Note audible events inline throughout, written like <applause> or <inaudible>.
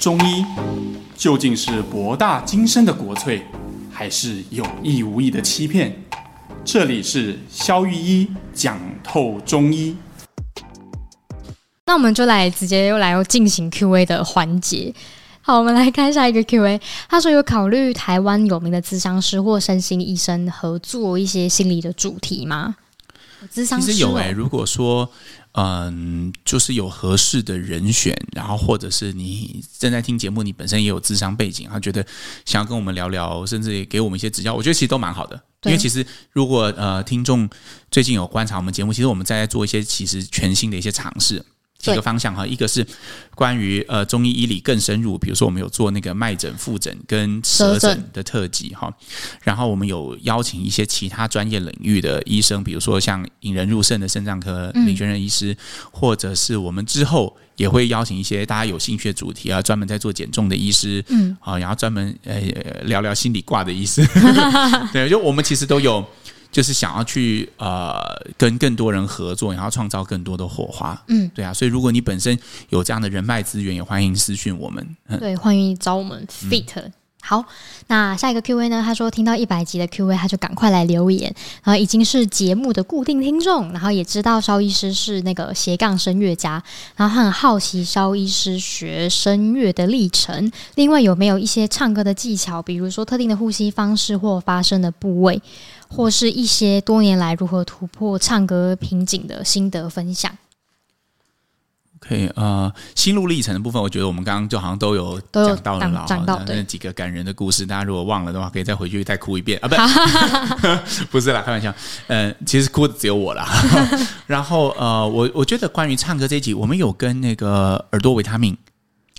中醫究竟是博大精深的國粹，還是有意無意的欺騙？這裡是蕭御醫講透中醫。那我們就來直接又來進行 Q&A 的環節。好，我們來看下一個 Q&A。他說：“有考慮台灣有名的諮商師或身心醫生合作一些心理的主題嗎？”諮商師有哎、欸，如果說。嗯，就是有合適的人選，然後或者是你正在聽節目，你本身也有諮商背景，他覺得想要跟我們聊聊，甚至也給我們一些指教，我覺得其實都蠻好的。因為其實如果呃聽眾最近有觀察我們節目，其實我們在做一些其實全新的一些嘗試。幾個方向哈，一個是關於呃中醫醫理更深入，比如說我們有做那個脈診、腹診、跟舌診的特輯哈，然後我們有邀請一些其他專業領域的醫生，比如說像引人入勝的腎臟科李宣任醫師、嗯，或者是我們之後也會邀請一些大家有興趣的主題啊，專門在做減重的醫師，嗯，啊，然後專門呃、欸、聊聊心理掛的醫師， <laughs> <laughs> 對，就我們其實都有。就是想要去呃跟更多人合作，然後創造更多的火花。嗯，對啊，所以如果你本身有這樣的人脈資源，也歡迎私訊我們。嗯、對，歡迎找我們 fit、嗯。好，那下一個 Q&A 呢？他說聽到一百集的 Q&A，他就趕快來留言。然後已經是節目的固定聽眾，然後也知道蕭醫師是那個斜槓聲樂家，然後他很好奇蕭醫師學聲樂的歷程。另外有沒有一些唱歌的技巧，比如說特定的呼吸方式或發聲的部位？或是一些多年來如何突破唱歌瓶頸的心得分享。OK，呃，心路歷程的部分，我覺得我們剛剛就好像都有講到了，講、講到那、那幾個感人的故事。大家如果忘了的話，可以再回去再哭一遍啊！不是， <laughs> <laughs> 不是啦，開玩笑。嗯、呃，其實哭的只有我啦。 <laughs> 然後呃，我我覺得關於唱歌這集，我們有跟那個耳朵維他命。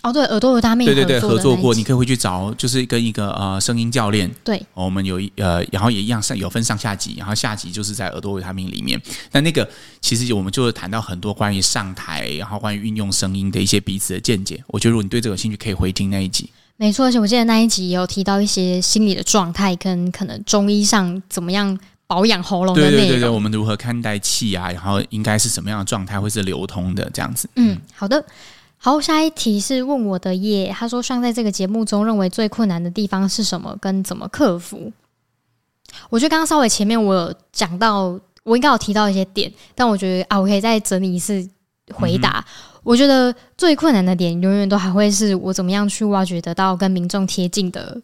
哦，對，耳朵維他命對對對，合作過，你可以回去找，就是跟一個呃聲音教練對。哦，我們有一呃，然後也一樣上有分上下集，然後下集就是在耳朵維他命裡面。那那個其實我們就會談到很多關於上台，然後關於運用聲音的一些彼此的見解。我覺得如果你對這個有興趣，可以回聽那一集。沒錯，而且我記得那一集也有提到一些心理的狀態跟可能中醫上怎麼樣保養喉嚨的。對對，對，對，對，我們如何看待氣啊？然後應該是什麼樣的狀態，會是流通的這樣子？嗯，嗯，好的。好，下一題是問我的耶。他說上在這個節目中認為最困難的地方是什麼，跟怎麼克服？我覺得剛剛稍微前面我有講到，我應該有提到一些點，但我覺得啊，我可以再整理一次回答。嗯、我覺得最困難的點，永遠都還會是我怎麼樣去挖掘得到跟民眾貼近的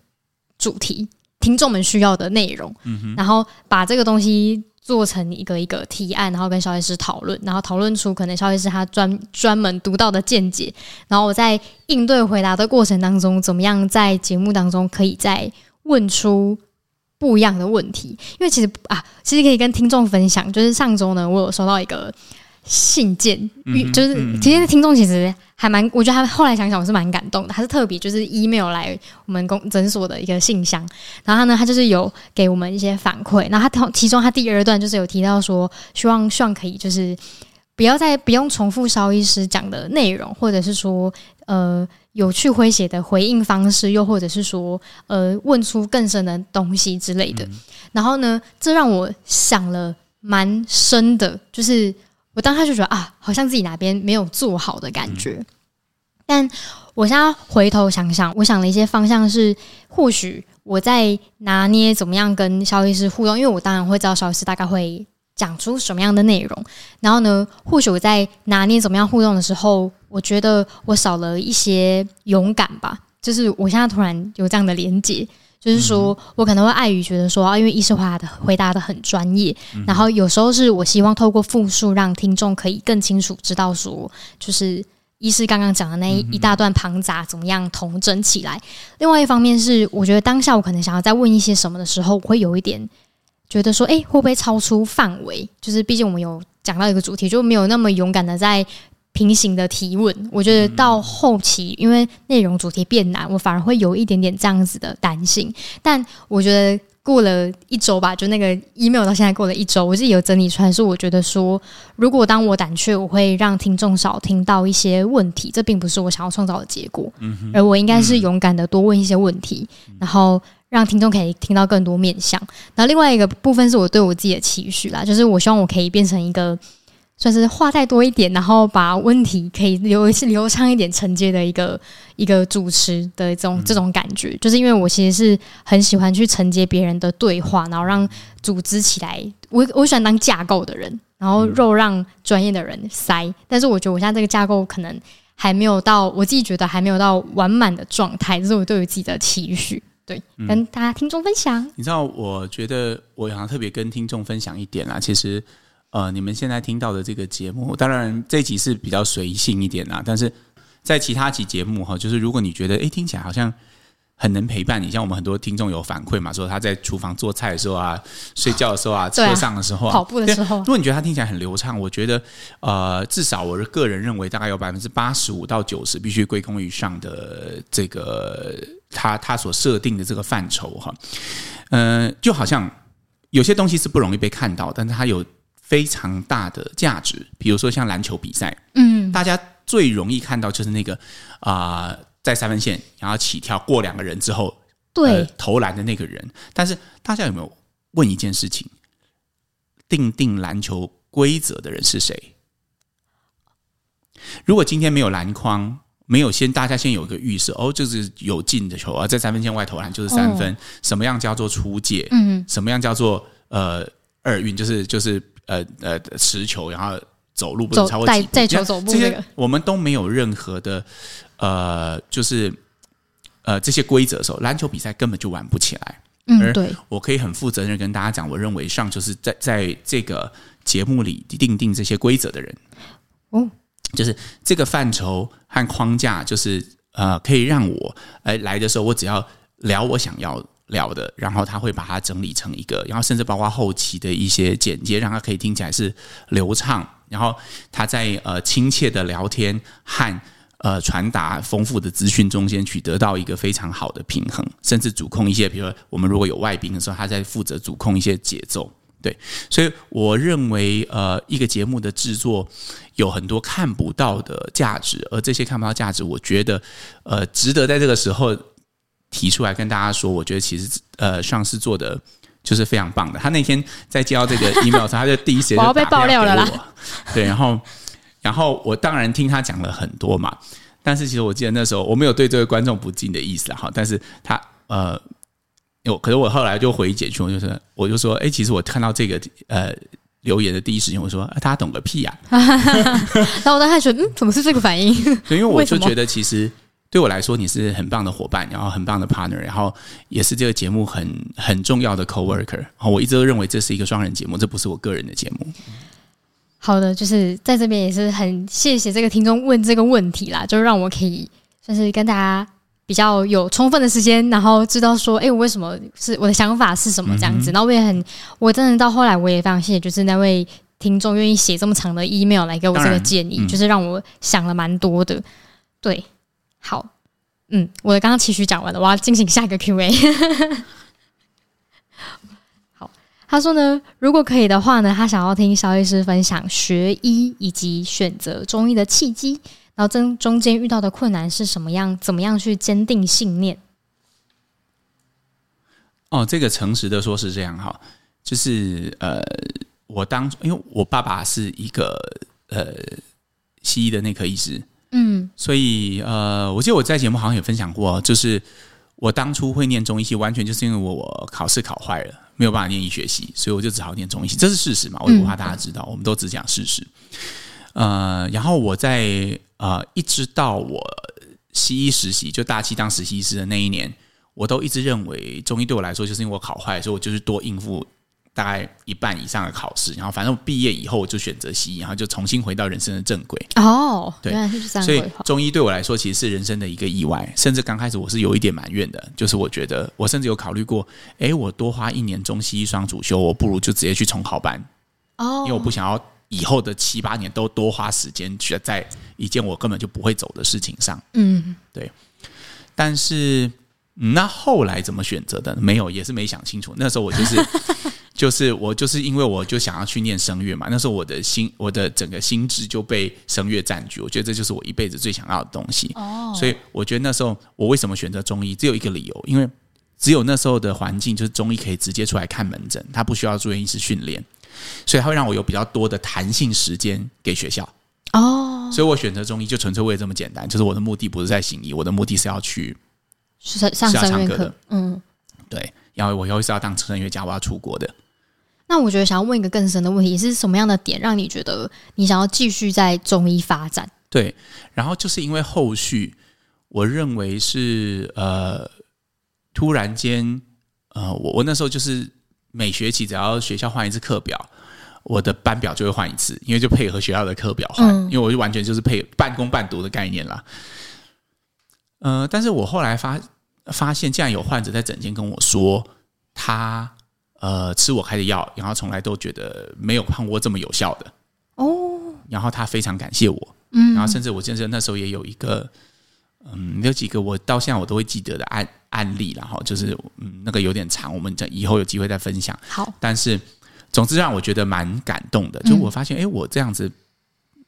主題，聽眾們需要的內容，嗯，然後把這個東西，做成一個一個提案，然後跟蕭御醫討論，然後討論出可能蕭御醫他專專門獨到的見解，然後我在應對回答的過程當中，怎麼樣在節目當中可以再問出不一樣的問題？因為其實啊，其實可以跟聽眾分享，就是上周呢，我有收到一個。信件，嗯、就是今天的聽眾其實還蠻，我覺得他後來想想我是蠻感動的，他是特別就是 email 來我們公診所的一個信箱，然後他呢，他就是有給我們一些反饋，然後他同其中他第二段就是有提到說，希望希望可以就是不要再不用重複蕭醫師講的內容，或者是說呃有趣詼諧的回應方式，又或者是說呃問出更深的東西之類的，嗯、然後呢，這讓我想了蠻深的，就是。我當下就覺得啊，好像自己哪邊沒有做好的感覺。嗯。但我現在回頭想想，我想了一些方向是，或許我在拿捏怎麼樣跟蕭醫師互動，因為我當然會知道蕭醫師大概會講出什麼樣的內容。然後呢，或許我在拿捏怎麼樣互動的時候，我覺得我少了一些勇敢吧。就是我現在突然有這樣的連接。就是說、嗯，我可能會礙於覺得說啊，因為醫師回的回答的很專業、嗯，然後有時候是我希望透過複述讓聽眾可以更清楚知道說，就是醫師剛剛講的那一大段龐雜怎麼樣統整起來、嗯。另外一方面是，我覺得當下我可能想要再問一些什麼的時候，我會有一點覺得說，誒，會不會超出範圍？就是畢竟我們有講到一個主題，就沒有那麼勇敢的在平行的提問，我覺得到後期、嗯哼，因為內容主題變難，我反而會有一點點這樣子的擔心。但我覺得過了一周吧，就那個 email 到現在過了一周，我自己有整理出來，所以我覺得說，如果當我膽怯，我會讓聽眾少聽到一些問題，這並不是我想要創造的結果。嗯哼。而我應該是勇敢的多問一些問題，嗯哼。然後讓聽眾可以聽到更多面向。然後另外一個部分是我對我自己的期許啦，就是我希望我可以變成一個，算是話再多一點，然後把問題可以流是流暢一點承接的一個一個主持的這種、嗯、這種感覺，就是因為我其實是很喜歡去承接別人的對話，然後讓組織起來。我我喜歡當架構的人，然後肉讓專業的人塞。嗯、但是我覺得我現在這個架構可能還沒有到我自己覺得還沒有到完滿的狀態，就是我對於自己的期許。對，嗯、跟大家聽眾分享。你知道，我覺得我好像特別跟聽眾分享一點啦、啊，其實。呃，你們現在聽到的這個節目，當然這集是比較隨性一點吶、啊，但是在其他集節目哈、啊，就是如果你覺得哎聽起來好像很能陪伴你，像我們很多聽眾有反饋嘛，說他在廚房做菜的時候啊，睡覺的時候啊，車上的時候啊，啊跑步的時候、啊，如果你覺得他聽起來很流暢，我覺得呃，至少我個人認為大概有百分之八十五到九十必須歸功於上的這個他他所設定的這個範疇哈、啊，嗯、呃，就好像有些東西是不容易被看到，但是他有。非常大的價值，比如說像籃球比賽，嗯，大家最容易看到就是那個啊、呃，在三分線然後起跳過兩個人之後，對、呃、投籃的那個人。但是大家有沒有問一件事情？定定籃球規則的人是誰？如果今天沒有籃筐，沒有先大家先有一個預設，哦，就是有進的球啊、呃，在三分線外投籃就是三分、哦，什麼樣叫做出界？嗯，什麼樣叫做呃二運？就是就是。呃呃，持球然後走路，不能超過再幾步？走步這，這些我們都沒有任何的呃，就是呃這些規則的時候，籃球比賽根本就玩不起來。嗯，對。我可以很負責任跟大家講，我認為上就是在在這個節目裡訂定這些規則的人，哦，就是這個範疇和框架，就是呃，可以讓我哎來的時候，我只要聊我想要的。聊的，然後他會把它整理成一個，然後甚至包括後期的一些剪接，讓他可以聽起來是流暢。然後他在呃親切的聊天和呃傳達豐富的資訊中間，去得到一個非常好的平衡，甚至主控一些，比如說我們如果有外賓的時候，他在負責主控一些節奏。對，所以我認為呃一個節目的製作有很多看不到的價值，而這些看不到價值，我覺得呃值得在這個時候。提出來跟大家說，我覺得其實呃，上市做的就是非常棒的。他那天在接到這個 email 的時候，他就第一時間我， <laughs> 我要被爆料了啦。對，然後然後我當然聽他講了很多嘛，但是其實我記得那時候我沒有對這位觀眾不敬的意思啊，哈。但是他呃，有，可是我後來就回憶解去，我就是我就說，哎、欸，其實我看到這個呃留言的第一時間，我說他、啊、懂個屁啊。 <laughs> <laughs> 然後我當時說，嗯，怎麼是這個反應？因為我就覺得其實。對我來說，你是很棒的夥伴，然後很棒的 partner，然後也是這個節目很很重要的 co-worker。我一直都認為這是一個雙人節目，這不是我個人的節目。好的，就是在這邊也是很謝謝這個聽眾問這個問題啦，就是讓我可以就是跟大家比較有充分的時間，然後知道說，哎，我為什麼是我的想法是什麼這樣子。然、嗯、後我也很，我真的到後來我也非常謝謝，就是那位聽眾願意寫這麼長的 email 來給我這個建議，嗯、就是讓我想了蠻多的。對。好，嗯，我的剛剛期許講完了，我要進行下一個 Q&A 呵呵。好，他說呢，如果可以的話呢，他想要聽蕭醫師分享學醫以及選擇中醫的契機，然後中中間遇到的困難是什麼樣，怎麼樣去堅定信念？哦，這個誠實的說是這樣哈，就是呃，我當因為我爸爸是一個呃西醫的內科醫師。嗯，所以呃，我記得我在節目好像也分享過，就是我當初會念中醫系，完全就是因為我我考試考壞了，沒有辦法念醫學系，所以我就只好念中醫系，這是事實嘛，我也不怕大家知道，嗯、我們都只講事實。呃，然後我在呃一直到我西醫實習，就大七當實習醫師的那一年，我都一直認為中醫對我來說，就是因為我考壞，所以我就是多應付。大概一半以上的考試，然後反正畢業以後我就選擇西醫，然後就重新回到人生的正軌。哦，對，原來是這樣。所以中醫對我來說其實是人生的一個意外，甚至剛開始我是有一點埋怨的，就是我覺得我甚至有考慮過，哎、欸，我多花一年中西醫雙主修，我不如就直接去重考班。哦，因為我不想要以後的七八年都多花時間去在一件我根本就不會走的事情上。嗯，對。但是那後來怎麼選擇的？沒有，也是沒想清楚。那時候我就是。 <laughs> 就是我就是因為我就想要去念聲樂嘛，那時候我的心，我的整個心智就被聲樂占據，我覺得這就是我一輩子最想要的東西。哦、oh.，所以我覺得那時候我為什麼選擇中醫，只有一個理由，因為只有那時候的環境就是中醫可以直接出來看門診，他不需要住院醫師訓練，所以他會讓我有比較多的彈性時間給學校。哦、oh.，所以我選擇中醫就純粹為了這麼簡單，就是我的目的不是在行醫，我的目的是要去上上聲樂課。嗯，對，然後我以後是要當聲樂家，我要出國的。那我覺得想要問一個更深的問題，是什麼樣的點讓你覺得你想要繼續在中醫發展？對，然後就是因為後續，我認為是呃，突然間，呃，我我那時候就是每學期只要學校換一次課表，我的班表就會換一次，因為就配合學校的課表換，嗯、因為我就完全就是配半工半讀的概念啦。嗯、呃，但是我後來發發現，竟然有患者在診間跟我說他。呃，吃我開的藥，然後從來都覺得沒有胖過這麼有效的哦。Oh. 然後他非常感謝我，嗯，然後甚至我記得那時候也有一個，嗯，有幾個我到現在我都會記得的案案例，然後就是嗯，那個有點長，我們再以後有機會再分享。好，但是總之讓我覺得蠻感動的，就我發現，哎、嗯，我這樣子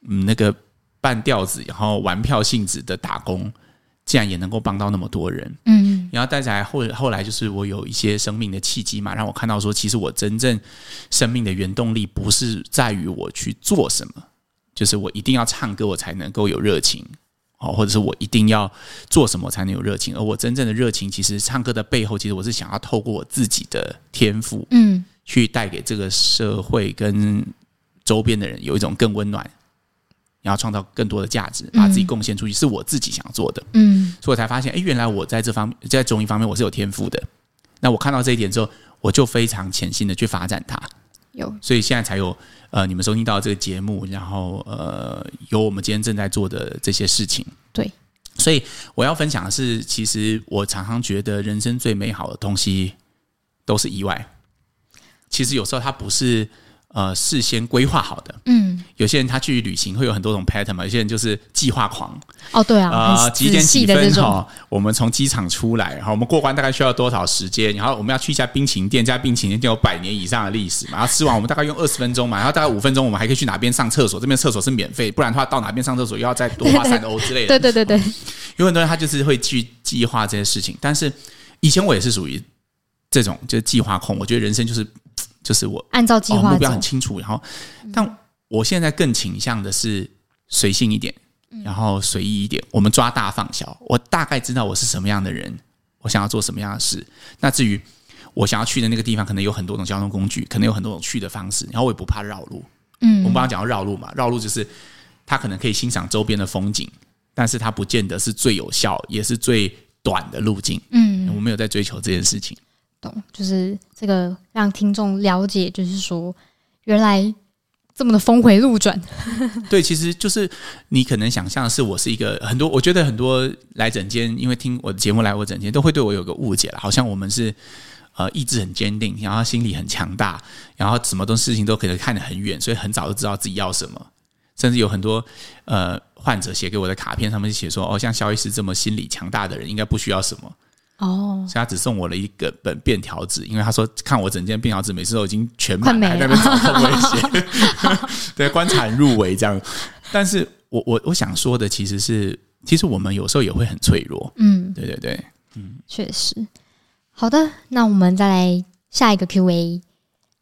嗯，那個半吊子，然後玩票性質的打工，竟然也能夠幫到那麼多人，嗯，然後帶起來後，後來就是我有一些生命的契機嘛，讓我看到說，其實我真正生命的原動力不是在於我去做什麼，就是我一定要唱歌，我才能夠有熱情，哦，或者是我一定要做什麼才能有熱情，而我真正的熱情，其實唱歌的背後，其實我是想要透過我自己的天賦，嗯，去帶給這個社會跟周邊的人有一種更溫暖。然後創造更多的價值，把自己貢獻出去，嗯，是我自己想做的。嗯，所以我才發現，哎，原來我在這方面，在中醫方面我是有天賦的。那我看到這一點之後，我就非常潛心的去發展它。有，所以現在才有呃，你們收聽到這個節目，然後呃，有我們今天正在做的這些事情。對，所以我要分享的是，其實我常常覺得人生最美好的東西都是意外。其實有時候它不是。呃，事先規劃好的。嗯，有些人他去旅行會有很多種 pattern 嘛，有些人就是計劃狂。哦，對啊，呃，幾點幾分哈、哦？我們從機場出來，然、哦、後我們過關大概需要多少時間？然後我們要去一家冰淇淋店，這家冰淇淋店有百年以上的歷史嘛？然後吃完，我們大概用二十分鐘嘛？然後大概五分鐘，我們還可以去哪邊上廁所？這邊廁所是免費，不然的話到哪邊上廁所又要再多花三個歐之類的。對對對對，對、哦，有很多人他就是會去計劃這些事情。但是以前我也是屬於這種，就是計劃控。我覺得人生就是。就是我按照計劃、哦、目標很清楚、嗯，然後，但我現在更傾向的是隨性一點，嗯、然後隨意一點。我們抓大放小。我大概知道我是什麼樣的人，我想要做什麼樣的事。那至於我想要去的那個地方，可能有很多種交通工具，可能有很多種去的方式。然後我也不怕繞路。嗯，我們剛剛講到繞路嘛，繞路就是他可能可以欣賞周邊的風景，但是他不見得是最有效，也是最短的路徑。嗯，我沒有在追求這件事情。懂，就是這個讓聽眾了解，就是說原來這麼的峰回路轉。對，其實就是你可能想象的是我是一個很多，我覺得很多來診間，因為聽我的節目來我診間，都會對我有個誤解了，好像我們是呃意志很堅定，然後心理很強大，然後什麼東西事情都可能看得很遠，所以很早就知道自己要什麼。甚至有很多呃患者寫給我的卡片上面寫說，哦，像蕭醫師這麼心理強大的人，應該不需要什麼。哦、oh.，所以他只送我了一個本便條紙，因為他說看我整件便條紙每次都已經全滿，那邊找多一些， <laughs> <laughs> 對，觀察入微這樣。但是我我我想說的其實是，其實我們有時候也會很脆弱。嗯，對對對，嗯，確實。好的，那我們再來下一個 Q&A。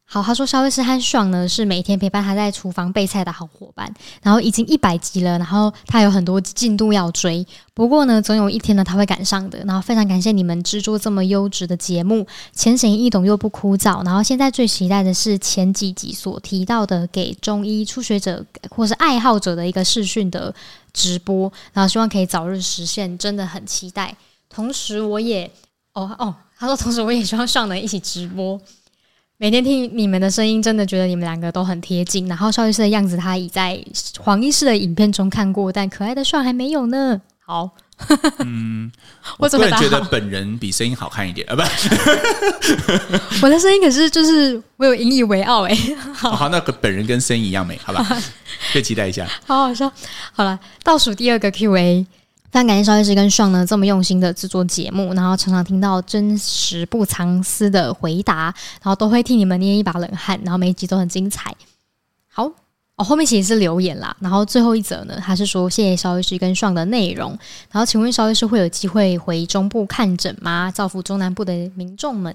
好，他說稍微是憨爽呢，是每天陪伴他在廚房備菜的好夥伴。然後已經一百集了，然後他有很多進度要追，不過呢，總有一天呢，他會趕上的。然後非常感謝你們製作這麼優質的節目，淺顯易懂又不枯燥。然後現在最期待的是前幾集所提到的給中醫初學者或是愛好者的一個視訊的直播，然後希望可以早日實現，真的很期待。同時，我也哦哦，他說同時我也希望上能一起直播。每天聽你們的聲音，真的覺得你們兩個都很貼近。然後蕭醫師的樣子，他已在黃醫師的影片中看過，但可愛的蕭還沒有呢。好，嗯， <laughs> 我怎麼覺得本人比聲音好看一點啊，不， <laughs> <laughs> 我的聲音可是就是我有引以為傲哎、欸哦。好，那個、本人跟聲音一樣美，好吧？可 <laughs> 以期待一下。好，好笑，好說好了，倒數第二個 Q&A。非常感謝蕭醫師跟 Sean 呢，這麼用心的制作節目，然後常常聽到真實不藏私的回答，然後都會替你們捏一把冷汗，然後每一集都很精彩。好，哦，後面其實是留言啦，然後最後一則呢，他是說謝謝蕭醫師跟 Sean 的內容，然後請問蕭醫師會有機會回中部看診嗎？造福中南部的民眾們？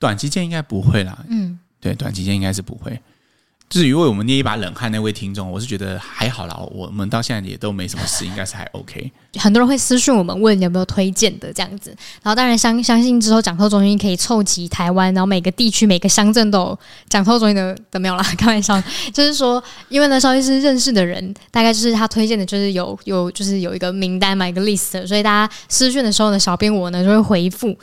短期間應該不會啦，嗯，對，短期間應該是不會。至於為我們捏一把冷汗那位聽眾，我是覺得還好啦，我們到現在也都沒什麼事，應該是還 OK。很多人會私訊我們問有沒有推薦的這樣子，然後當然相相信之後講透中醫可以湊集台灣，然後每個地區每個鄉鎮都講透中醫的都沒有啦，開玩笑。 <laughs> 就是說，因為呢，稍微是認識的人，大概就是他推薦的，就是有有就是有一個名單嘛，一個 list，所以大家私訊的時候呢，小編我呢就會回復。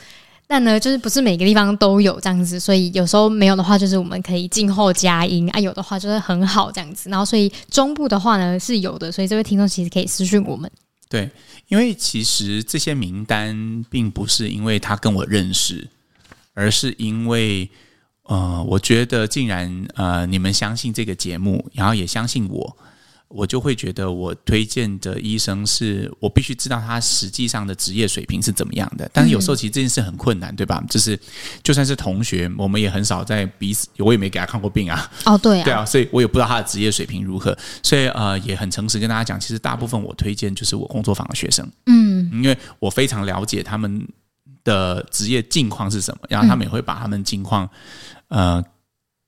但呢，就是不是每個地方都有這樣子，所以有時候沒有的話，就是我們可以靜候佳音啊；有的話，就是很好這樣子。然後，所以中部的話呢是有的，所以這位聽眾其實可以私訊我們。對，因為其實這些名單並不是因為他跟我認識，而是因為呃，我覺得既然呃，你們相信這個節目，然後也相信我。我就會覺得，我推薦的醫生是我必須知道他實際上的職業水平是怎麼樣的。但是有時候其實這件事很困難，對吧？就是就算是同學，我們也很少在彼此，我也沒給他看過病啊。哦，對啊，對啊，所以我也不知道他的職業水平如何。所以呃，也很誠實跟大家講，其實大部分我推薦就是我工作坊的學生，嗯，因為我非常了解他們的職業境況是什麼，然後他們也會把他們境況呃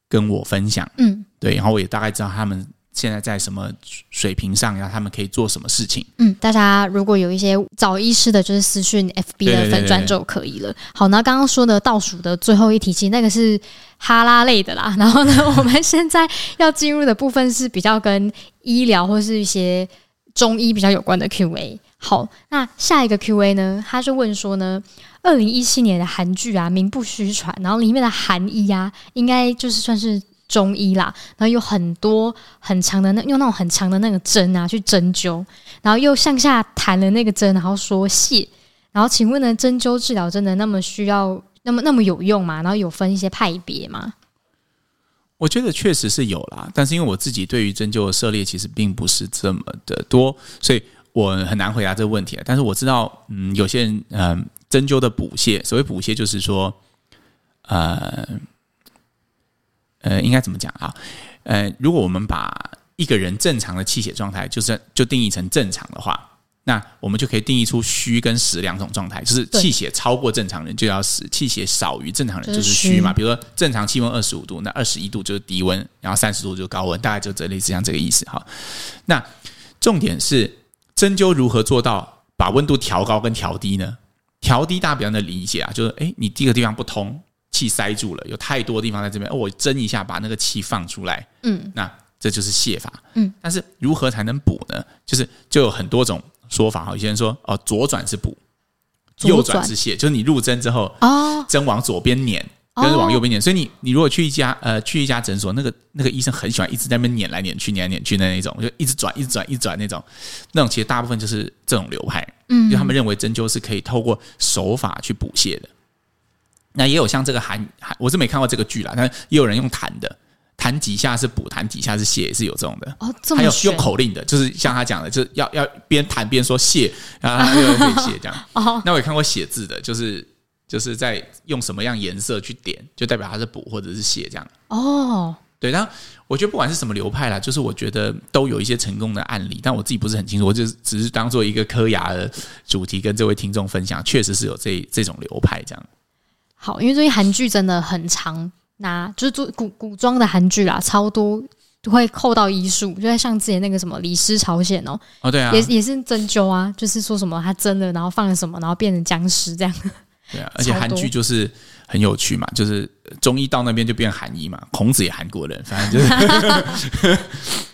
跟我分享，嗯，對，然後我也大概知道他們。現在在什麼水平上，然後他們可以做什麼事情。嗯，大家如果有一些找醫師的，就是私訊 FB 的粉專就可以了。好，那剛剛說的倒數的最後一題，其實那個是哈拉類的啦。然後呢，嗯、我們現在要進入的部分是比較跟醫療或是一些中醫比較有關的 QA。好，那下一個 QA 呢？他是問說呢，二零一七年的韓劇啊，名不虛傳，然後裡面的韓醫啊，應該就是算是。中醫啦，然後有很多很長的那用那種很長的那個針啊去針灸，然後又向下彈了那個針，然後說謝。然後請問呢，針灸治療真的那麼需要那麼那麼有用嗎？然後有分一些派別嗎？我覺得確實是有啦，但是因為我自己對於針灸的涉獵其實並不是這麼的多，所以我很難回答這個問題。但是我知道，嗯，有些人嗯，呃、針灸的補瀉，所謂補瀉就是說，呃。呃，應該怎麼講啊？呃，如果我們把一個人正常的氣血狀態，就是就定義成正常的話，那我們就可以定義出虛跟實兩種狀態，就是氣血超過正常人就要實，氣血少於正常人就是虛嘛。比如說正常氣溫二十五度，那二十一度就是低溫，然後三十度就是高溫，大概就這類似像這個意思哈。那重點是針灸如何做到把溫度調高跟調低呢？調低，大家比較能理解啊，就是誒、欸，你這個地方不通。氣塞住了，有太多地方在這邊。哦，我針一下把那個氣放出來，嗯，那這就是瀉法，嗯。但是如何才能補呢？就是就有很多種說法哈。有些人說，哦，左轉是補，右轉是瀉。就是你入針之後，哦，針往左邊捻，針往右邊捻、哦。所以你你如果去一家呃去一家診所，那個那個醫生很喜歡一直在那邊捻來捻去、捻來捻去的那種，就一直轉、一直轉、一直轉、一直轉那種。那種其實大部分就是這種流派，嗯，就他們認為針灸是可以透過手法去補瀉的。那也有像這個韓，我是沒看過這個劇啦，但是也有人用彈的，彈幾下是補，彈幾下是瀉，也是有這種的哦。還有用口令的，就是像他講的，就是要要邊彈邊說瀉，然後他又會瀉這樣。哦， <laughs> 那我也看過寫字的，就是就是在用什麼樣顏色去點，就代表他是補或者是瀉這樣。哦，對。然後我覺得不管是什麼流派啦，就是我覺得都有一些成功的案例，但我自己不是很清楚，我就只是當做一個嗑牙的主題跟這位聽眾分享，確實是有這這種流派這樣。好，因為最近韓劇真的很長，拿就是做古古裝的韓劇啦，超多都會扣到醫術，就像之前那個什麼《李屍朝鮮》喔哦，哦對啊，也是也是針灸啊，就是說什麼他針了，然後放了什麼，然後變成僵屍這樣。對啊，而且韓劇就是很有趣嘛，就是中醫到那邊就變韓醫嘛，孔子也韓國人，反正就是。 <laughs> <laughs>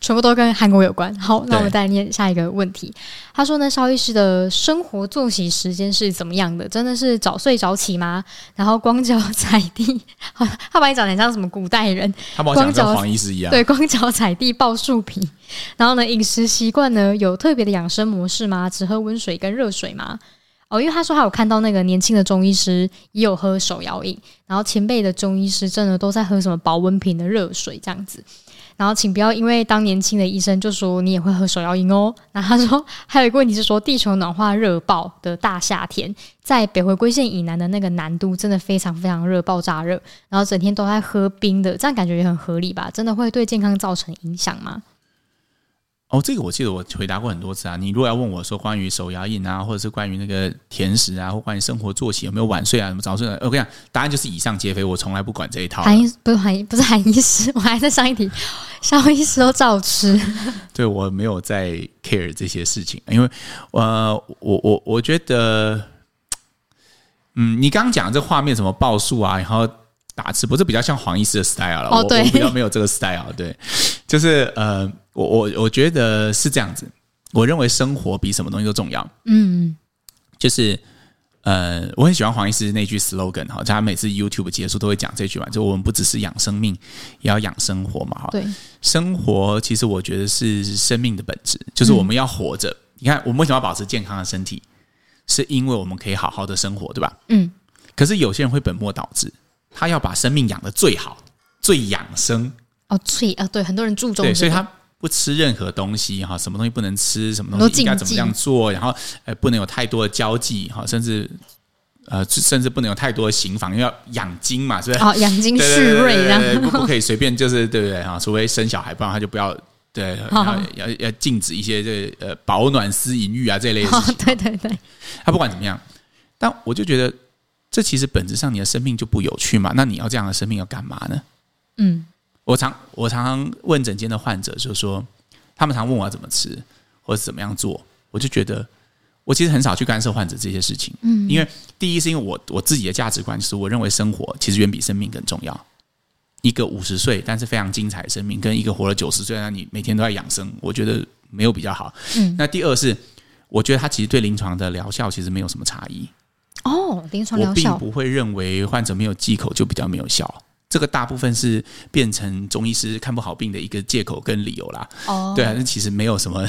全部都跟韓國有關。好，那我們再來念下一個問題。他說呢，蕭御醫的生活作息時間是怎麼樣的？真的是早睡早起嗎？然後光腳踩地，他把你找的像什麼古代人？他把你講的像蕭御醫一樣，對，光腳踩地抱樹皮。然後呢，飲食習慣呢，有特別的養生模式嗎？只喝溫水跟熱水嗎？哦，因為他說他有看到那個年輕的中醫師也有喝手搖飲，然後前輩的中醫師真的都在喝什麼保溫瓶的熱水這樣子。然後，請不要因為當年輕的醫生就說你也會喝手搖飲哦。那他說還有一個問題是說，地球暖化熱爆的大夏天，在北回歸線以南的那個南都真的非常非常熱，爆炸熱，然後整天都在喝冰的，這樣感覺也很合理吧？真的會對健康造成影響嗎？哦，這個我記得我回答過很多次啊。你如果要問我說關於手搖飲啊，或者是關於那個甜食啊，或關於生活作息有沒有晚睡啊、什麼早睡啊，我跟你講，答案就是以上皆非。我從來不管這一套。韓醫不是韓醫，不是韓醫師，我還在上一題，韓醫師都照我吃。對，我沒有在 care 這些事情，因為呃，我我我覺得，嗯，你剛，剛講這畫面什麼報數啊，然後打字，不是比較像黃醫師的 style 了。哦，對。我我比較沒有這個 style，對，就是呃。我我我覺得是這樣子，我認為生活比什麼東西都重要。嗯，就是呃，我很喜歡黃醫師那句 slogan 哈，他每次 YouTube 結束都會講這句嘛，就我們不只是養生命，也要養生活嘛哈。對，生活其實我覺得是生命的本質，就是我們要活着，嗯。你看，我們為什麼要保持健康的身體，是因為我們可以好好的生活，對吧？嗯。可是有些人會本末倒置，他要把生命養得最好、最養生。哦，最啊，對，很多人注重對，所以他。不吃任何東西哈，什麼東西不能吃，什麼東西應該怎麼樣做？然後，呃，不能有太多的交際哈，甚至呃，甚至不能有太多的行房，因為要養精嘛，是不是？哦，養精蓄銳，對，這樣不不可以隨便，就是對不對啊？除非生小孩，不然他就不要對，好好要要禁止一些這呃飽暖思淫欲啊這類的。對對對，他不管怎麼樣，但我就覺得這其實本質上你的生命就不有趣嘛。那你要這樣的生命要幹嘛呢？嗯。我常我常常問診間的患者就是說，就說他們常問我要怎麼吃或者怎麼樣做，我就覺得我其實很少去干涉患者這些事情。嗯，因為第一是因為我我自己的價值觀就是，我認為生活其實遠比生命更重要。一個五十歲但是非常精彩的生命，跟一個活了九十歲，那你每天都在養生，我覺得沒有比較好。嗯，那第二是我覺得他其實對臨床的療效其實沒有什麼差異。哦，臨床療效。我並不會認為患者沒有忌口就比較沒有效。這個大部分是變成中醫師看不好病的一個借口跟理由啦。哦，對啊，那其實沒有什麼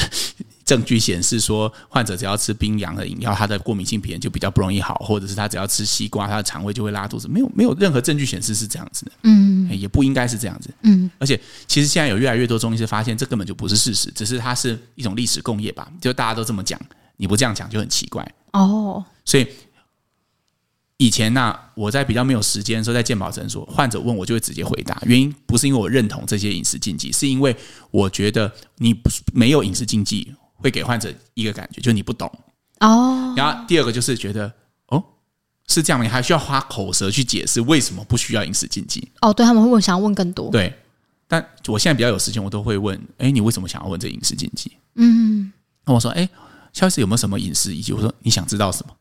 證據顯示說，患者只要吃冰涼的飲料，他的過敏性皮炎就比較不容易好，或者是他只要吃西瓜，他的腸胃就會拉肚子。沒有，沒有任何證據顯示是這樣子的。嗯、mm. 欸，也不應該是這樣子。嗯、mm.，而且其實現在有越來越多中醫師發現，這根本就不是事實，只是它是一種歷史共業吧。就大家都這麼講，你不這樣講就很奇怪。哦、oh.，所以。以前呢、啊，我在比較沒有時間的時候，在健保診所，患者問我就會直接回答。原因不是因為我認同這些飲食禁忌，是因為我覺得你不沒有飲食禁忌會給患者一個感覺，就是你不懂哦。Oh. 然後第二個就是覺得哦，是這樣你還需要花口舌去解釋為什麼不需要飲食禁忌？哦、oh,，對他們會問，想要問更多。對，但我現在比較有時間，我都會問：哎，你為什麼想要問這飲食禁忌？嗯，那我說：哎，蕭醫師有沒有什麼飲食禁忌我說你想知道什麼？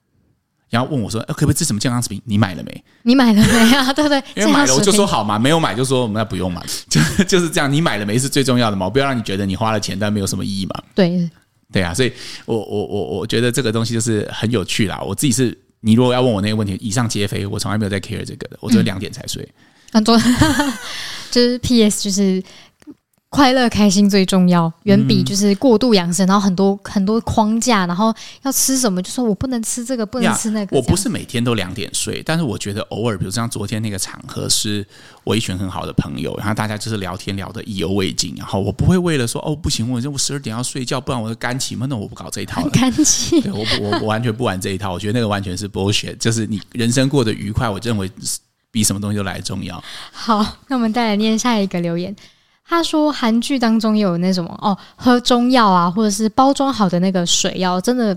然後問我說：“呃，可不可以吃什麼健康食品？你買了沒？你買了沒啊？對不對？ <laughs> 因為買了，我就說好嘛，沒有買就說我們那不用嘛，就就是這樣。你買了沒是最重要的嘛，我不要讓你覺得你花了錢但沒有什麼意義嘛。對對啊，所以我我我我覺得這個東西就是很有趣啦。我自己是，你如果要問我那個問題，以上皆非，我從來沒有在 care 這個的。我只有兩點才睡，很、嗯、多 <laughs> 就是 P S 就是。”快樂開心最重要，遠比就是過度養生。嗯，然後很多很多框架，然後要吃什麼，就說我不能吃這個，不能吃那個，yeah。我不是每天都兩點睡，但是我覺得偶爾，比如像昨天那個場合，是我一群很好的朋友，然後大家就是聊天聊得意猶未盡。然後我不會為了說哦不行，我我十二點要睡覺，不然我就肝氣嘛，那我不搞這一套了。肝氣， <laughs> 我我我完全不玩這一套，我覺得那個完全是 bullshit。就是你人生過得愉快，我認為比什麼東西都來得重要。好，那我們再來念下一個留言。他說：“韓劇當中有那什麼哦，喝中藥啊，或者是包裝好的那個水藥，真的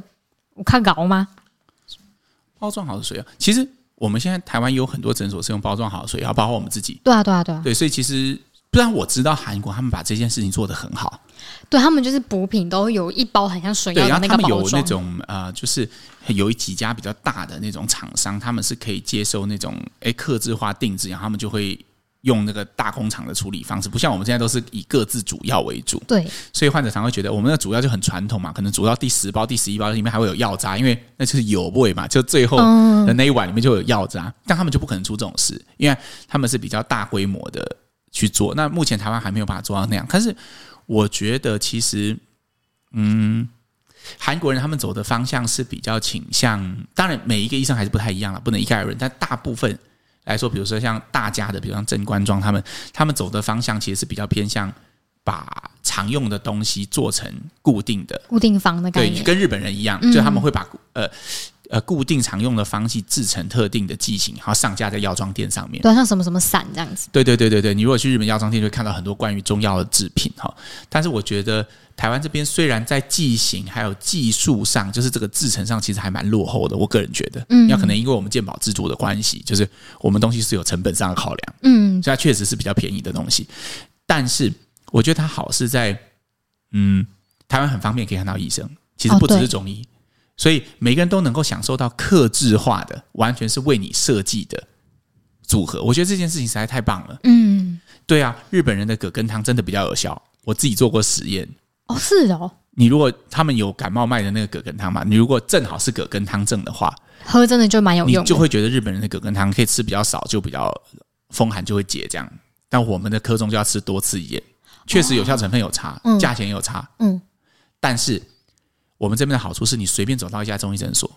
我看稿嗎？包裝好的水藥，其實我們現在台灣有很多診所是用包裝好的水藥，包括我們自己。對啊，對啊，對啊。對，所以其實不然我知道韓國他們把這件事情做得很好，對他們就是補品都有一包很像水藥的那個包裝。然後他們有那種啊、呃，就是有一幾家比較大的那種廠商，他們是可以接受那種哎，客製化定制，然後他們就會。”用那個大工廠的處理方式，不像我們現在都是以各自煮藥為主。對，所以患者常會覺得我們的煮藥就很傳統嘛，可能煮到第十包、第十一包裡面還會有藥渣，因為那就是有味嘛，就最後的那一碗裡面就有藥渣。但他們就不可能出這種事，因為他們是比較大規模的去做。那目前台灣還沒有把它做到那樣，可是我覺得其實，嗯，韓國人他們走的方向是比較傾向，當然每一個醫生還是不太一樣了，不能一概而論，但大部分。來說，比如說像大家的，比如像正官莊他們，他們走的方向其實是比較偏向把常用的東西做成固定的、固定方的感覺，對，跟日本人一樣，嗯、就他們會把呃。呃，固定常用的方劑製成特定的劑型，然後上架在藥妝店上面。對，像什麼什麼散這樣子。對對對對對，你如果去日本藥妝店，就會看到很多關於中藥的制品哈。但是我覺得台灣這邊雖然在劑型還有技術上，就是這個製成上，其實還蠻落後的。我個人覺得，嗯，要可能因為我們健保制度的關係，就是我們東西是有成本上的考量，嗯，所以它確實是比較便宜的東西。但是我覺得它好是在，嗯，台灣很方便可以看到醫生，其實不只是中醫。哦所以每個人都能夠享受到客製化的，完全是為你設計的組合。我覺得這件事情實在太棒了。嗯，對啊，日本人的葛根湯真的比較有效。我自己做過實驗。哦，是的哦。你如果他們有感冒賣的那個葛根湯嘛，你如果正好是葛根湯症的話，喝真的就蠻有用，你就會覺得日本人的葛根湯可以吃比較少，就比較風寒就會解這樣。但我們的科中就要吃多次一點，確實有效成分有差，價、哦嗯、錢有差，嗯，但是。我們這邊的好處是，你隨便走到一家中醫診所，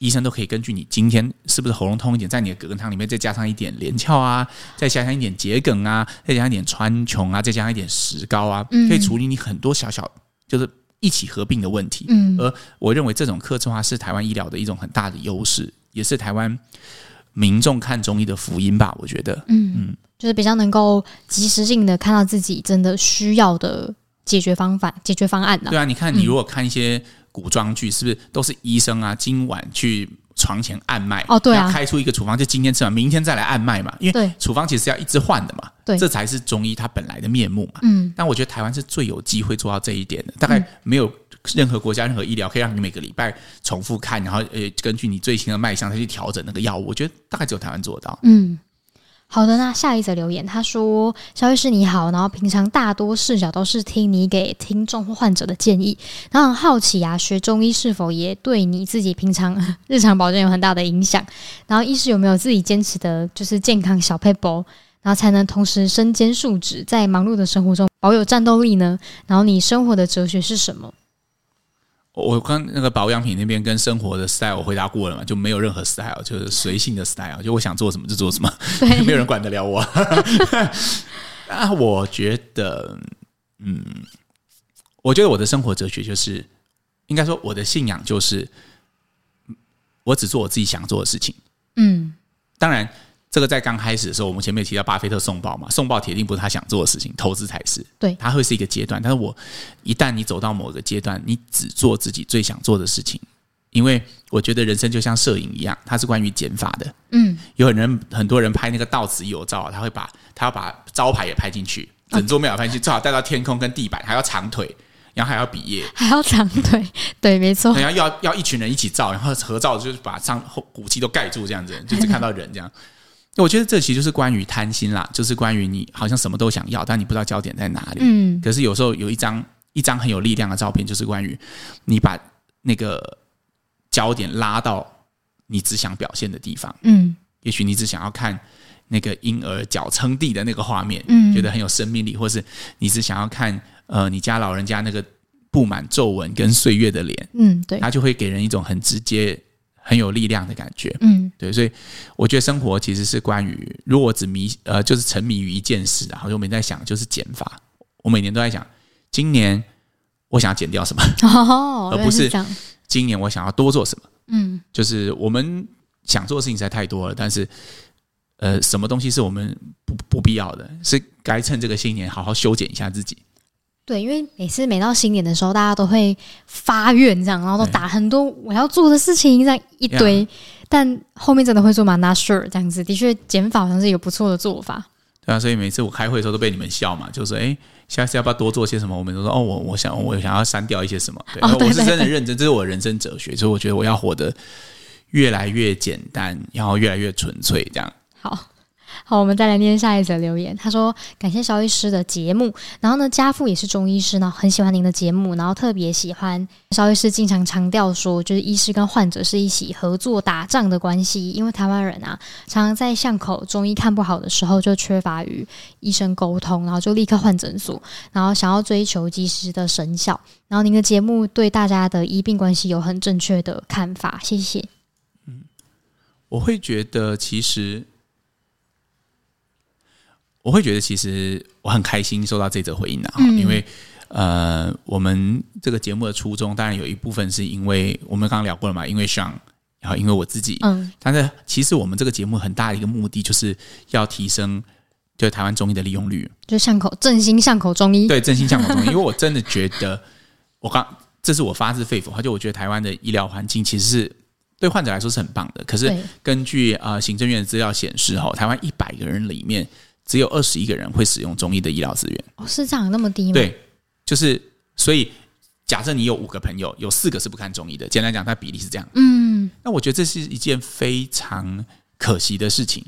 醫生都可以根據你今天是不是喉嚨痛一點，在你的葛根湯裡面再加上一點連翹啊，再加上一點桔梗啊，再加上一點川穹啊，再加上一點石膏啊，可以處理你很多小小就是一起合併的問題。嗯，而我認為這種客製化是台灣醫療的一種很大的優勢，也是台灣民眾看中醫的福音吧？我覺得，嗯嗯，就是比較能夠及時性的看到自己真的需要的。解決方法、解決方案呢？對啊，你看，你如果看一些古裝劇、嗯，是不是都是醫生啊？今晚去床前按脈，哦，對啊，開出一個處方，就今天吃完，明天再來按脈嘛。因為處方其實要一直換的嘛，對，這才是中醫它本來的面目嘛。嗯，但我覺得台灣是最有機會做到這一點的。嗯、大概沒有任何國家、任何醫療可以讓你每個禮拜重複看，然後呃，根據你最新的脈象再去調整那個藥物。我覺得大概只有台灣做得到。嗯。好的，那下一則留言，他說：“蕭醫師，你好，然後平常大多視角都是聽你給聽眾或患者的建議，然後很好奇呀，啊，學中醫是否也對你自己平常日常保健有很大的影響？然後醫師有沒有自己堅持的就是健康小撇步，然後才能同時身兼數職，在忙碌的生活中保有戰鬥力呢？然後你生活的哲學是什麼？”我剛那個保養品那邊跟生活的 style 我回答過了嘛，就沒有任何 style，就是隨性的 style，就我想做什麼就做什麼， <laughs> 沒有人管得了我。 <laughs> <laughs> <laughs> <laughs> 啊，我覺得，嗯，我覺得我的生活哲學就是，應該說我的信仰就是，我只做我自己想做的事情。嗯，當然。這個在剛開始的時候，我們前面提到巴菲特送報嘛，送報鐵定不是他想做的事情，投資才是。對，他會是一個階段。但是，我一旦你走到某個階段，你只做自己最想做的事情，因為我覺得人生就像攝影一樣，它是關於減法的。嗯，有很多很多人拍那個到此遊照，他會把他要把招牌也拍進去，整座廟也拍進去，最好帶到天空跟地板，還要長腿，然後還要比耶，還要長腿，對，沒錯。然後要要一群人一起照，然後合照就是把上古蹟都蓋住，這樣子就只看到人這樣。我覺得這其實就是關於貪心啦，就是關於你好像什麼都想要，但你不知道焦點在哪裡。嗯，可是有時候有一張一張很有力量的照片，就是關於你把那個焦點拉到你只想表現的地方。嗯，也許你只想要看那個嬰兒腳撐地的那個畫面，嗯，覺得很有生命力，或是你只想要看，呃，你家老人家那個布滿皺紋跟歲月的臉，嗯，對，他就會給人一種很直接。很有力量的感覺，嗯，對，所以我覺得生活其實是關於，如果只迷呃，就是沉迷於一件事啊，我就每天在想就是減法。我每年都在想，今年我想要減掉什麼，哦，而不是今年我想要多做什麼。嗯，就是我們想做的事情實在太多了，但是呃，什麼東西是我們不不必要的，是該趁這個新年好好修剪一下自己。對，因為每次每到新年的時候，大家都會發願這樣，然後都打很多我要做的事情這樣一堆，對 yeah. 但後面真的會做嗎？Not sure, 這樣子的確減法好像是有不錯的做法。對啊，所以每次我開會的時候都被你們笑嘛，就是哎，下次要不要多做些什麼？我們都說哦，我我想我想要刪掉一些什麼。對，oh, 對對我是真的認真，這是我的人生哲學，所以我覺得我要活得越來越簡單，然後越來越純粹這樣。好。好，我們再來念下一則留言。他說：“感謝蕭醫師的節目，然後呢，家父也是中醫師呢，很喜歡您的節目，然後特別喜歡蕭醫師，經常強調說，就是醫師跟患者是一起合作打仗的關係。因為台灣人啊，常常在巷口中醫看不好的時候，就缺乏與醫生溝通，然後就立刻換診所，然後想要追求及時的生效。然後您的節目對大家的醫病關係有很正確的看法。謝謝。嗯，我會覺得其實。”我會覺得其實我很開心收到這則回應的、嗯、因為呃，我們這個節目的初衷，當然有一部分是因為我們剛剛聊過了嘛，因為蕭，然後因為我自己，嗯，但是其實我們這個節目很大的一個目的就是要提升對、就是、台灣中醫的利用率，就巷口振興巷口中醫，對，振興巷口中醫， <laughs> 因為我真的覺得我剛這是我發自肺腑，而且我覺得台灣的醫療環境其實是對患者來說是很棒的，可是根據啊、呃、行政院的資料顯示，哈，台灣一百個人裡面。只有二十一個人會使用中醫的醫療資源哦，是這樣那麼低嗎？對，就是所以假設你有五個朋友，有四個是不看中醫的。簡單講，它比例是這樣。嗯，那我覺得這是一件非常可惜的事情。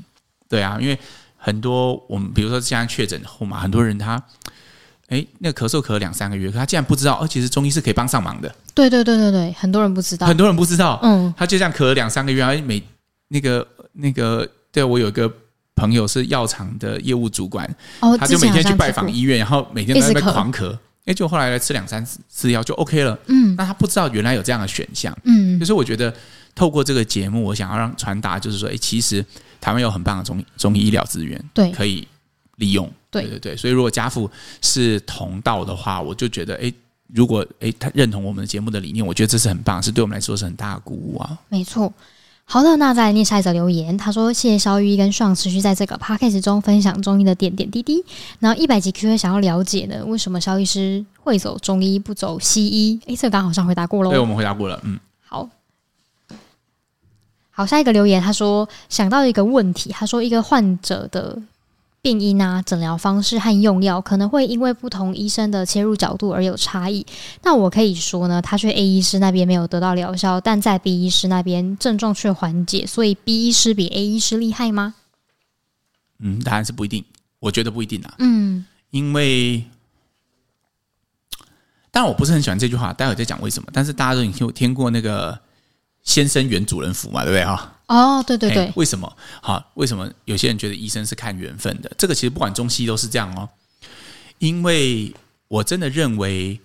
對啊，因為很多我們比如說現在確診後嘛，很多人他哎、欸，那個咳嗽咳了兩三個月，可他竟然不知道，哦，其實中醫是可以幫上忙的。對對對對對，很多人不知道，很多人不知道。嗯，他就這樣咳了兩三個月啊，每那個那個，對我有一個。朋友是藥廠的業務主管，他就每天去拜訪醫院，然後每天都在那狂咳。哎，就後來來吃兩三次藥就 OK 了。嗯，那他不知道原來有這樣的選項。嗯，就是我覺得透過這個節目，我想要讓傳達就是說，哎，其實台灣有很棒的中醫中醫醫療資源，對，可以利用。對對對，所以如果家父是同道的話，我就覺得，哎，如果哎他認同我們節目的理念，我覺得這是很棒，是對我們來說是很大的鼓舞啊。沒錯。好的，那再念下一則留言。他說：“謝謝蕭御醫跟爽，持續在這個 podcast 中分享中醫的點點滴滴。然後一百集 Q A 想要了解的，為什麼蕭醫師會走中醫不走西醫？誒、欸，這剛、個、好像回答過嘍。”對，我們回答過了。嗯，好，好，下一個留言，他說想到一個問題，他說一個患者的。病因啊，診療方式和用藥可能會因為不同醫生的切入角度而有差異。那我可以說呢，他去 A 醫師那邊沒有得到療效，但在 B 醫師那邊症狀卻緩解，所以 B 醫師比 A 醫師厲害嗎？嗯，答案是不一定，我覺得不一定啊。嗯，因為當然我不是很喜歡這句話，待會再講為什麼。但是大家都已經聽過那個“先生緣，主人福”嘛，對不對？哈、啊。哦、oh，對對對，欸，為什麼？好，為什麼有些人覺得醫生是看緣分的？這個其實不管中西都是這樣哦。因為我真的認為，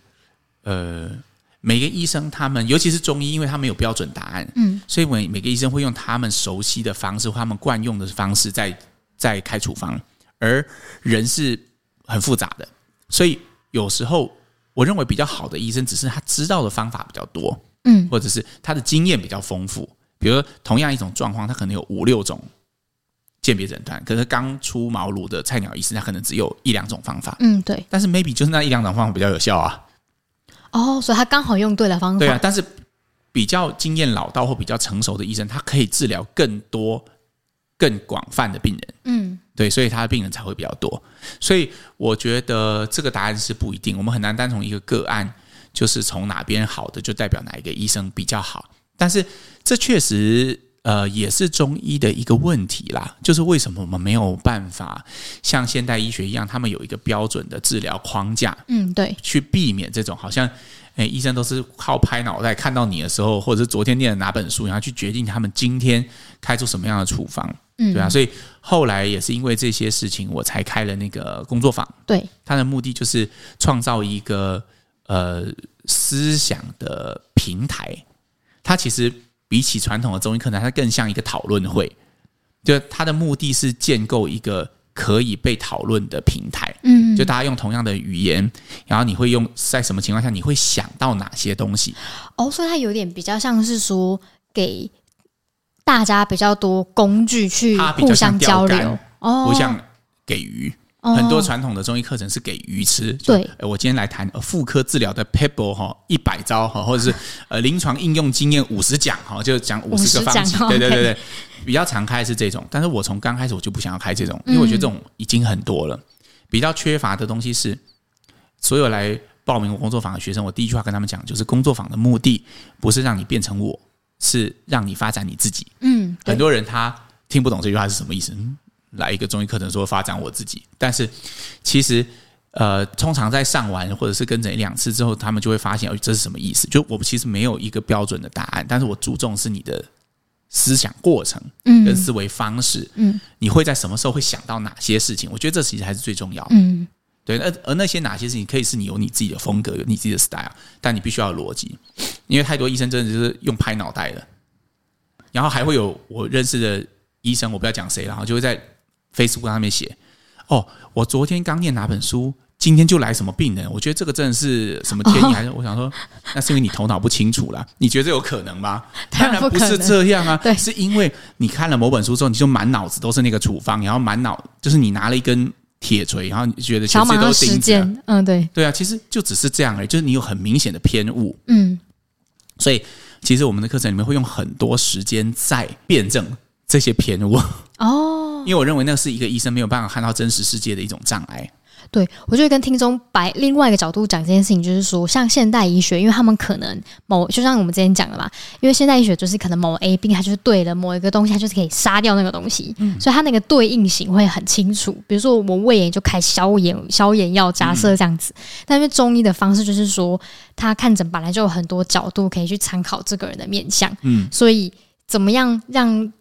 呃，每個醫生他們，尤其是中醫，因為他沒有標準答案，嗯，所以每每個醫生會用他們熟悉的方式，或他們慣用的方式在，在在開處方。而人是很複雜的，所以有時候我認為比較好的醫生，只是他知道的方法比較多，嗯，或者是他的經驗比較豐富。比如同樣一種狀況，他可能有五六種鑑別診斷。可是剛出茅廬的菜鳥醫生，他可能只有一兩種方法。嗯，對。但是 maybe 就是那一兩種方法比較有效啊。哦，所以他剛好用對的方法。對啊，但是比較經驗老到或比較成熟的醫生，他可以治療更多、更廣泛的病人。嗯，對，所以他的病人才會比較多。所以我覺得這個答案是不一定。我們很難單從一個個案，就是從哪邊好的就代表哪一個醫生比較好。但是。這確實，呃，也是中醫的一個問題啦。就是為什麼我們沒有辦法像現代醫學一樣，他們有一個標準的治療框架？嗯，對，去避免這種好像，哎、欸，醫生都是靠拍腦袋，看到你的時候，或者是昨天念了哪本書，然後去決定他們今天開出什麼樣的處方，嗯，對啊。所以後來也是因為這些事情，我才開了那個工作坊。對，他的目的就是創造一個呃思想的平台。他其實。比起傳統的中醫課堂，它更像一個討論會，就它的目的是建構一個可以被討論的平台。嗯，就大家用同樣的語言，然後你會用在什麼情況下你會想到哪些東西？哦，所以它有點比較像是說給大家比較多工具去互相交流，哦，互相給予。哦、很多傳統的中醫課程是給魚吃。對，我今天來談婦科治療的 paper 哈，一百招哈、哦，或者是呃臨床應用經驗五十講哈，就講五十個方向對對對對，okay、比較常開是這種。但是我從剛開始我就不想要開這種，因為我覺得這種已經很多了。嗯、比較缺乏的東西是，所有來報名我工作坊的學生，我第一句話跟他們講就是：工作坊的目的不是讓你變成我，是讓你發展你自己。嗯。很多人他聽不懂這句話是什麼意思。嗯來一個中醫課程說發展我自己，但是其實呃，通常在上完或者是跟着一兩次之後，他們就會發現，哦，這是什麼意思？就我其實沒有一個標準的答案，但是我注重是你的思想過程，跟思維方式，嗯，你會在什麼時候會想到哪些事情？我覺得這其實還是最重要，嗯，對。而那些哪些事情可以是你有你自己的風格，有你自己的 style，但你必須要有邏輯，因為太多醫生真的就是用拍腦袋的，然後還會有我認識的醫生，我不要講誰，然後就會在。Facebook 上面寫：“哦，我昨天剛念哪本書，今天就來什麼病人？”我覺得這個真的是什麼天意還是、oh. 我想說，那是因為你頭腦不清楚了？你覺得有可能嗎？當然不是這樣啊，對，是因為你看了某本書之後，你就滿腦子都是那個處方，然後滿腦就是你拿了一根鐵錘，然後你覺得全世界都是釘子啊、小時間，嗯，對對啊，其實就只是這樣而已，就是你有很明顯的偏誤，嗯。所以，其實我們的課程裡面會用很多時間在辨證這些偏誤哦。Oh. 因為我認為那是一個醫生沒有辦法看到真實世界的一種障礙。對，我就會跟聽眾擺另外一個角度講這件事情，就是說，像現代醫學，因為他們可能某，就像我們之前講的嘛，因為現代醫學就是可能某 A 病，它就是對了，某一個東西，它就是可以殺掉那個東西，嗯、所以它那個對應型會很清楚。比如說我們胃炎，就開消炎、消炎藥、假設這樣子。嗯、但是中醫的方式就是說，他看診本來就有很多角度可以去參考這個人的面相，嗯，所以怎麼樣讓？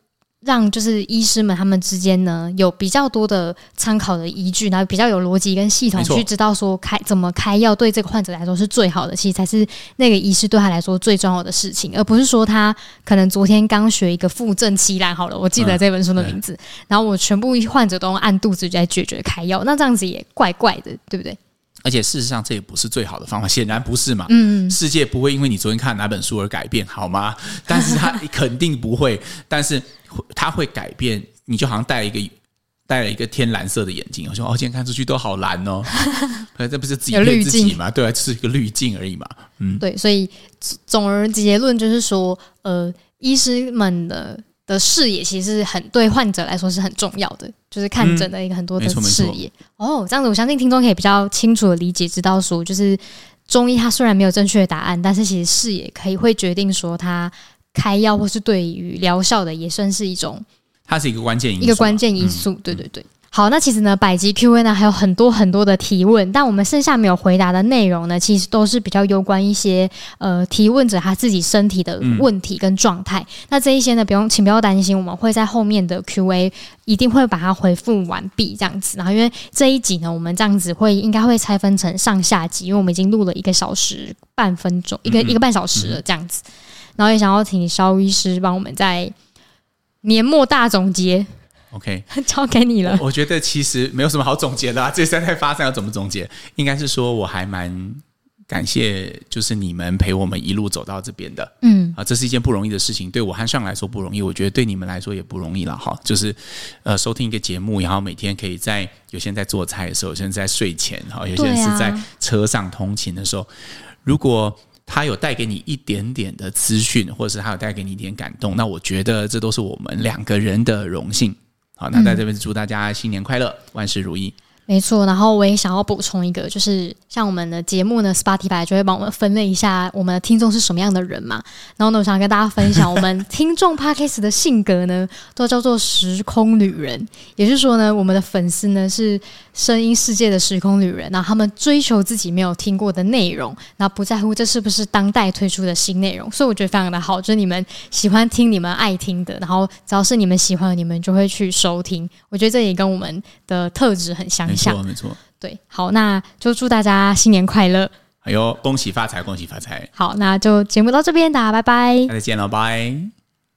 讓就是醫師們他們之間呢，有比較多的參考的依據，然後比較有邏輯跟系統去知道說，開怎麼開藥對這個患者來說是最好的，其實才是那個醫師對他來說最重要的事情，而不是說他可能昨天剛學一個《腹診奇覽》，來好了，我記得這本書的名字，嗯、然後我全部患者都按肚子在解決開藥，那這樣子也怪怪的，對不對？而且事實上這也不是最好的方法，顯然不是嘛。嗯，世界不會因為你昨天看哪本書而改變，好嗎？但是他肯定不會， <laughs> 但是。它會改變，你就好像戴了一個戴了一個天藍色的眼鏡，我說哦，今天看出去都好藍哦，是 <laughs> 這不是自己的濾鏡嗎？對啊，這是一個濾鏡而已嘛。嗯，對，所以總而結論就是說，呃，醫師們的的視野其實是很對患者來說是很重要的，就是看診的一個很多的、嗯、視野。哦，這樣子，我相信聽眾可以比較清楚的理解，知道說，就是中醫它雖然沒有正確的答案，但是其實視野可以會決定說它。開藥或是對於療效的也算是一種一，它是一個關鍵因素一個關鍵因素、嗯。對對對，好，那其實呢，百集 Q&A 呢還有很多很多的提問，但我們剩下沒有回答的內容呢，其實都是比較攸關一些呃提問者他自己身體的問題跟狀態、嗯。那這一些呢，不用請不要擔心，我們會在後面的 Q&A 一定會把它回覆完畢這樣子。然後，因為這一集呢，我們這樣子會應該會拆分成上下集，因為我們已經錄了一個小時半分鐘，一個、嗯、一個半小時了這樣子。嗯嗯然後也想要請蕭醫師幫我們在年末大總結 okay。OK，交給你了。我覺得其實沒有什麼好總結的啊，這三台發生要怎麼總結？應該是說我還蠻感謝，就是你們陪我們一路走到這邊的。嗯，啊，這是一件不容易的事情，對我漢尚來說不容易，我覺得對你們來說也不容易了哈。就是呃，收聽一個節目，然後每天可以在有些人在做菜的時候，有些人在睡前，哈，有些人是在車上通勤的時候，啊、如果。他有帶給你一點點的資訊，或者是他有帶給你一點感動，那我覺得這都是我們兩個人的榮幸。好，那在這邊祝大家新年快樂、嗯，萬事如意。沒錯，然後我也想要補充一個，就是像我們的節目呢，Spotify 就會幫我們分類一下我們的聽眾是什麼樣的人嘛。然後呢，我想跟大家分享， <laughs> 我們聽眾 Podcast 的性格呢，都叫做時空旅人，也就是說呢，我們的粉絲呢是。聲音世界的時空旅人，那他們追求自己沒有聽過的內容，那不在乎這是不是當代推出的新內容，所以我覺得非常的好，就是你們喜歡聽你們愛聽的，然後只要是你們喜歡的，你們就會去收聽。我覺得這也跟我們的特質很相像，沒錯，沒錯，對。好，那就祝大家新年快樂，哎呦，恭喜發財，恭喜發財。好，那就節目到這邊大家拜拜，再見了，拜拜。